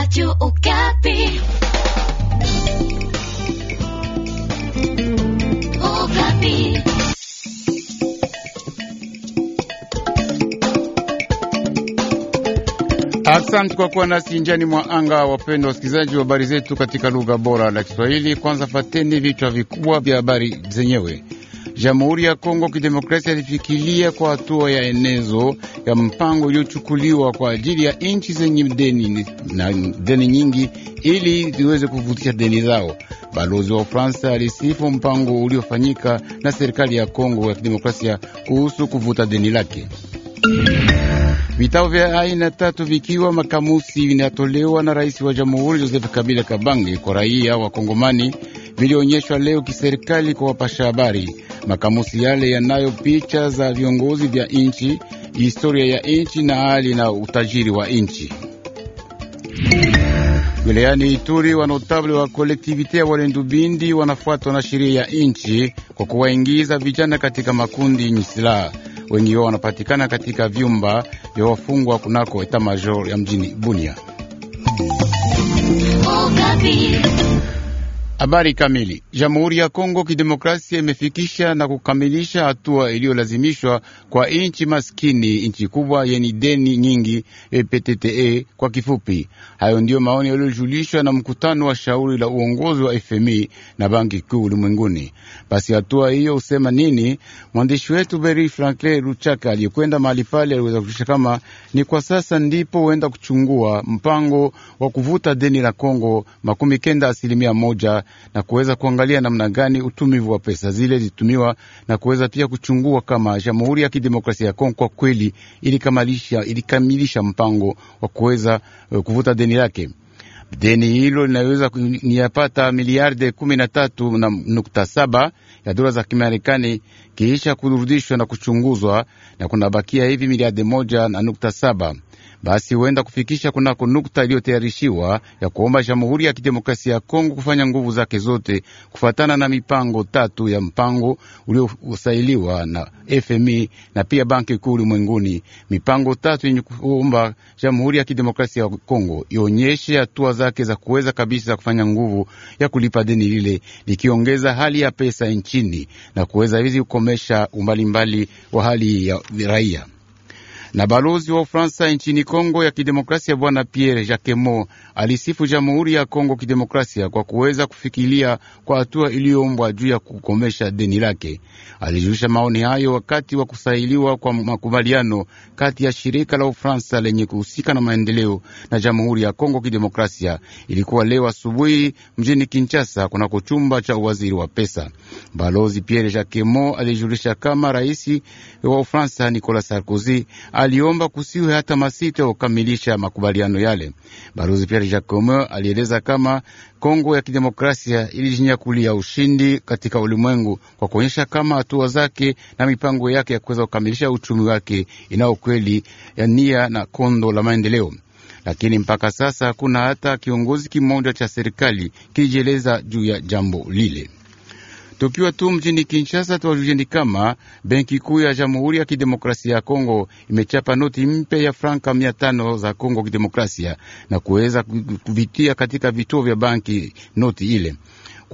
Radio Okapi. Okapi. Asante kwa kuwa nasi njiani mwa anga, wapendwa wasikilizaji wa habari zetu katika lugha bora la Kiswahili. Kwanza fateni vichwa vikubwa vya habari zenyewe. Jamhuri ya Kongo Kidemokrasia ilifikiria kwa hatua ya enezo ya mpango iliyochukuliwa kwa ajili ya nchi zenye deni na deni nyingi ili ziweze kuvutisha deni zao. Balozi wa Ufaransa alisifu mpango uliofanyika na serikali ya Kongo ya Kidemokrasia kuhusu kuvuta deni lake. Vitabu vya aina tatu vikiwa makamusi vinatolewa na rais wa jamhuri Joseph Kabila Kabange kwa raia wa Kongomani vilionyeshwa leo kiserikali kwa wapasha habari. Makamusi yale yanayo picha za viongozi vya nchi, historia ya nchi na hali na utajiri wa nchi. Wilayani Ituri, wanotable wa kolektivite ya Walendubindi wanafuatwa na sheria ya nchi kwa kuwaingiza vijana katika makundi yenye silaha. Wengi wao wanapatikana katika vyumba vya wafungwa kunako eta major ya mjini Bunia. Oh, Habari kamili. Jamhuri ya Kongo Kidemokrasia imefikisha na kukamilisha hatua iliyolazimishwa kwa inchi maskini, inchi kubwa yenye deni nyingi, eh, PTTE kwa kifupi. Hayo ndiyo maoni yaliyojulishwa na mkutano wa shauri la uongozi wa FMI na Banki Kuu ulimwenguni. Basi hatua hiyo husema nini? Mwandishi wetu Beri Franklin Ruchaka aliyekwenda mahali pale aliweza kujulisha kama ni kwa sasa ndipo huenda kuchungua mpango wa kuvuta deni la Kongo makumi kenda asilimia moja na kuweza kuangalia namna gani utumivu wa pesa zile zitumiwa na kuweza pia kuchungua kama Jamhuri ya Kidemokrasia ya Kongo kwa kweli ilikamilisha, ilikamilisha mpango wa kuweza uh, kuvuta deni lake. Deni hilo linaweza niyapata miliarde kumi na tatu na nukta saba ya dola za Kimarekani kiisha kurudishwa na kuchunguzwa, na kunabakia hivi miliarde moja na nukta saba basi huenda kufikisha kunako nukta iliyotayarishiwa ya kuomba Jamhuri ya Kidemokrasia ya Kongo kufanya nguvu zake zote kufatana na mipango tatu ya mpango uliosailiwa na FMI na pia Banki Kuu ulimwenguni. Mipango tatu yenye kuomba Jamhuri ya Kidemokrasia ya Kongo ionyeshe hatua zake za kuweza kabisa za kufanya nguvu ya kulipa deni lile, likiongeza hali ya pesa nchini na kuweza hizi kukomesha umbalimbali wa hali ya raia na balozi wa Ufaransa nchini Kongo ya Kidemokrasia Bwana Pierre jacquemo alisifu Jamhuri ya Kongo Kidemokrasia kwa kuweza kufikilia kwa hatua iliyoombwa juu ya kukomesha deni lake. Alijulisha maoni hayo wakati wa kusailiwa kwa makubaliano kati ya shirika la Ufaransa lenye kuhusika na maendeleo na Jamhuri ya Kongo Kidemokrasia. Ilikuwa leo asubuhi mjini Kinshasa, kunako chumba cha uwaziri wa pesa. Balozi Pierre jacquemo alijulisha kama rais wa Ufaransa Nicolas Sarkozy aliomba kusiwe hata masito ya kukamilisha makubaliano yale. Balozi Pierre Jacome alieleza kama Kongo ya Kidemokrasia ilijinyakulia ushindi katika ulimwengu kwa kuonyesha kama hatua zake na mipango yake ya kuweza kukamilisha uchumi wake ina kweli ya nia na kondo la maendeleo lakini mpaka sasa hakuna hata kiongozi kimoja cha serikali kilijieleza juu ya jambo lile. Tukiwa tu mjini Kinshasa, tuwajulieni kama benki kuu ya Jamhuri ya Kidemokrasia ya Kongo imechapa noti mpya ya franka mia tano za Kongo Kidemokrasia na kuweza kuvitia katika vituo vya banki noti ile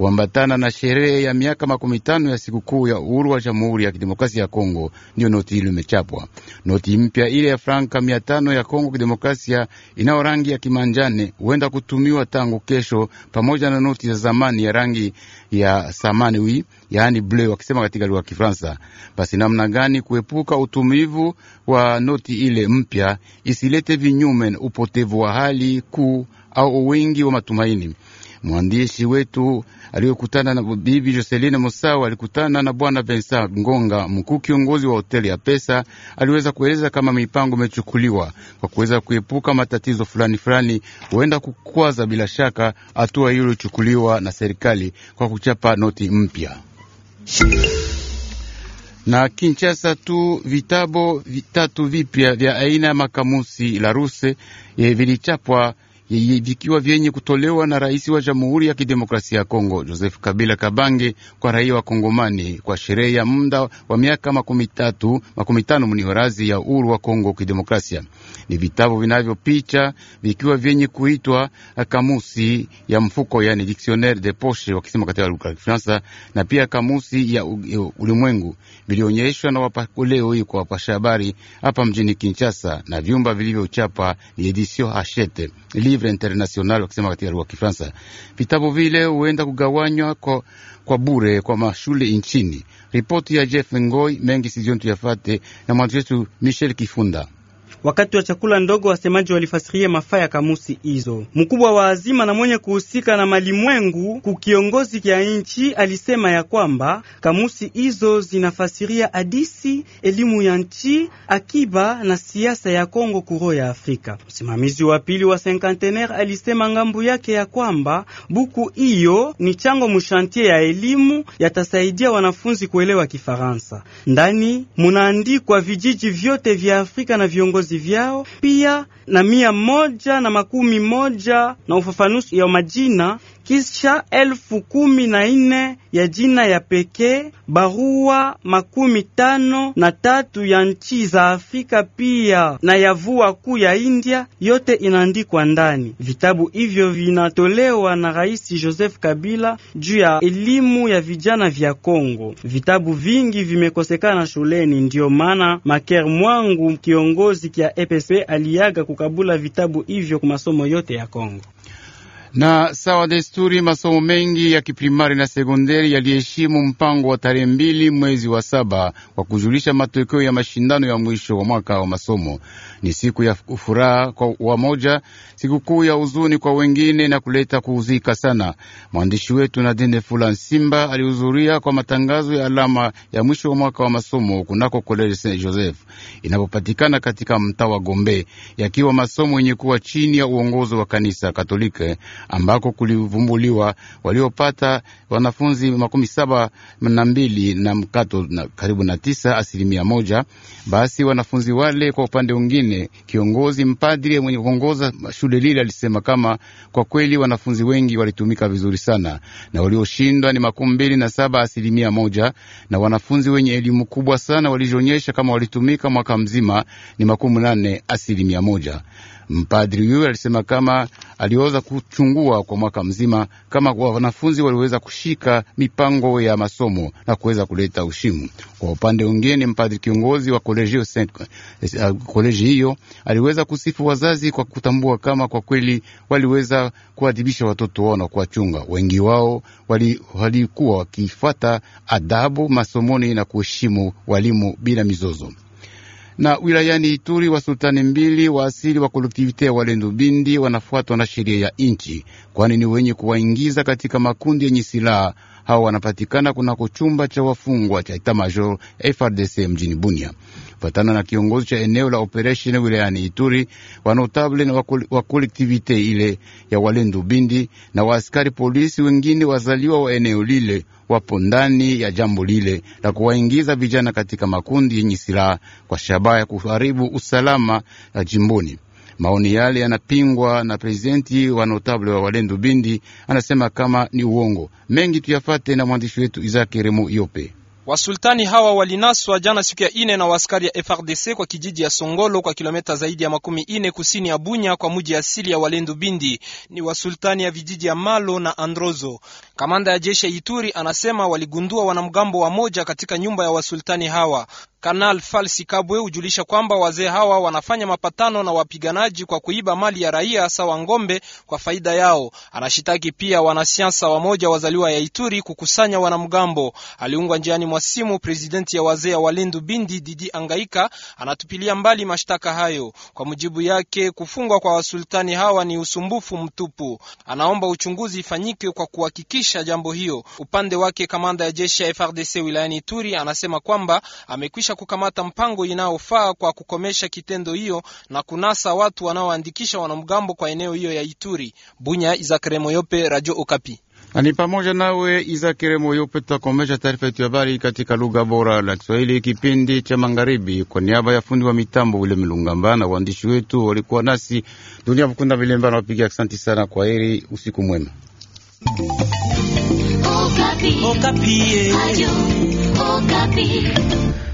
kuambatana na sherehe ya miaka makumi tano ya sikukuu ya uhuru wa Jamhuri ya Kidemokrasia ya Kongo. Ndiyo noti hilo imechapwa. noti mpya ile ya franka mia tano ya Kongo Kidemokrasia inayo rangi ya kimanjane, huenda kutumiwa tangu kesho, pamoja na noti za zamani ya rangi ya samani, yaani bleu wakisema katika lugha ya Kifaransa. Basi namna gani kuepuka utumivu wa noti ile mpya isilete vinyume upotevu wa hali kuu au wingi wa matumaini Mwandishi wetu aliyokutana na bibi Joseline Musau alikutana na bwana Vincent Ngonga, mkuu kiongozi wa hoteli ya pesa, aliweza kueleza kama mipango imechukuliwa kwa kuweza kuepuka matatizo fulani fulani huenda kukwaza. Bila shaka hatua hiyo ilichukuliwa na serikali kwa kuchapa noti mpya na Kinshasa tu vitabo vitatu vipya vya aina ya makamusi la ruse eh, vilichapwa vikiwa vyenye kutolewa na rais wa Jamhuri ya Kidemokrasia ya Kongo Joseph Kabila Kabange kwa raia wa Kongomani kwa sherehe ya muda wa miaka makumi tatu makumi tano mnihorazi ya uhuru wa Kongo Kidemokrasia. Ni vitabu vinavyopicha vikiwa vyenye kuitwa kamusi ya mfuko, yani dictionnaire de poche wakisema katika lugha ya Kifaransa, na pia kamusi ya ulimwengu vilionyeshwa na wapakuleo hii kwa wapasha habari hapa mjini Kinshasa na vyumba vilivyochapa ni Edition Hachette livre international wakisema katika lugha ya Kifaransa. Vitabu vile huenda kugawanywa kwa, kwa bure kwa mashule nchini. Ripoti ya Jeff Ngoi mengi sizioni tuyafate na mwandishi wetu Michel Kifunda. Wakati wa chakula ndogo, wasemaji walifasiria mafaa ya kamusi hizo. Mkubwa wa azima na mwenye kuhusika na malimwengu kukiongozi kya nchi alisema ya kwamba kamusi hizo zinafasiria adisi, elimu ya nchi, akiba na siasa ya Kongo kuro ya Afrika. Msimamizi wa pili wa Cinquantenaire alisema ngambu yake ya kwamba buku hiyo ni chango mushantie ya elimu, yatasaidia wanafunzi kuelewa Kifaransa. Ndani munaandikwa vijiji vyote vya Afrika na viongozi vizazi vyao, pia na mia moja na makumi moja na ufafanuzi ya majina kisha elfu kumi na nne ya jina ya pekee, barua makumi tano na tatu ya nchi za Afrika pia na ya vua kuu ya India, yote inaandikwa ndani. Vitabu hivyo vinatolewa na Rais Joseph Kabila juu ya elimu ya vijana vya Kongo. Vitabu vingi vimekosekana shuleni, ndiyo maana Maker Mwangu, kiongozi kya EPC, aliaga kukabula vitabu hivyo kwa masomo yote ya Kongo. Na sawa desturi, masomo mengi ya kiprimari na sekondari yaliheshimu mpango wa tarehe mbili mwezi wa saba kwa kujulisha matokeo ya mashindano ya mwisho wa mwaka wa masomo. Ni siku ya furaha kwa wamoja, sikukuu ya huzuni kwa wengine na kuleta kuhuzika sana. Mwandishi wetu Nadine Fula Nsimba alihudhuria kwa matangazo ya alama ya mwisho wa mwaka wa masomo kunako Kolele Saint Joseph inapopatikana katika mtaa wa Gombe, yakiwa masomo yenye kuwa chini ya uongozi wa kanisa Katolike ambako kulivumbuliwa waliopata wanafunzi makumi saba na mbili na mkato na karibu na tisa asilimia moja. Basi wanafunzi wale, kwa upande mwingine, kiongozi mpadri mwenye kuongoza shule lile alisema kama kwa kweli wanafunzi wengi walitumika vizuri sana, na walioshindwa ni makumi mbili na saba asilimia moja, na wanafunzi wenye elimu kubwa sana walijionyesha kama walitumika mwaka mzima ni makumi nane asilimia moja. Mpadri huyo alisema kama aliweza kuchungua kwa mwaka mzima kama wanafunzi waliweza kushika mipango ya masomo na kuweza kuleta ushimu. Kwa upande wengine, mpadri kiongozi wa eh, ah, koleji hiyo aliweza kusifu wazazi kwa kutambua kama kwa kweli waliweza kuadhibisha watoto wao na kuwachunga. Wengi wao walikuwa wakifuata adabu masomoni na kuheshimu walimu bila mizozo na wilayani Ituri wa sultani mbili wa asili wa kolektivite ya Walendu Bindi wanafuatwa na sheria ya inchi, kwani ni wenye kuwaingiza katika makundi yenye silaha hao wanapatikana kunako chumba cha wafungwa cha major FRDC mjini Bunia. Kufatana na kiongozi cha eneo la operesheni wilayani Ituri, wanotable na wa kolektivite ile ya Walendu Bindi na waaskari polisi wengine wazaliwa wa eneo lile wapo ndani ya jambo lile la kuwaingiza vijana katika makundi yenye silaha kwa shabaha ya kuharibu usalama ya jimboni. Maoni yale yanapingwa na prezidenti wa notable wa Walendu Bindi, anasema kama ni uongo. Mengi tuyafate na mwandishi wetu Izaki Remo Yope. Wasultani hawa walinaswa jana siku ya ine na waskari ya FRDC kwa kijiji ya Songolo kwa kilometa zaidi ya makumi ine kusini ya Bunya kwa muji asili ya Walendu Bindi. Ni wasultani ya vijiji ya Malo na Androzo. Kamanda ya jeshi ya Ituri anasema waligundua wanamgambo wa moja katika nyumba ya wasultani hawa. Kanal Falsi Kabwe hujulisha kwamba wazee hawa wanafanya mapatano na wapiganaji kwa kuiba mali ya raia sawa ngombe kwa faida yao. Anashitaki pia wanasiasa wamoja wazaliwa ya Ituri kukusanya wanamgambo. Aliungwa njiani mwa simu presidenti ya wazee ya Walindu Bindi Didi Angaika anatupilia mbali mashtaka hayo. Kwa mujibu yake, kufungwa kwa wasultani hawa ni usumbufu mtupu. Anaomba uchunguzi ifanyike kwa kuhakikisha jambo hiyo. Upande wake, kamanda ya jeshi ya FRDC wilayani Ituri anasema kwamba amekwisha kuwezesha kukamata mpango inayofaa kwa kukomesha kitendo hiyo na kunasa watu wanaoandikisha wanamgambo kwa eneo hiyo ya Ituri. Bunya, Izakare Moyope, Radio Okapi. Ni pamoja nawe Izakare Moyope. Tutakomesha taarifa yetu ya habari katika lugha bora la Kiswahili, kipindi cha Magharibi. Kwa niaba ya fundi wa mitambo Wile Mlungamba na waandishi wetu walikuwa nasi, Dunia Mkunda Vilembana wapiga asanti sana. Kwa heri, usiku mwema. Okapi. Okapi. Eh. Ayo, Okapi.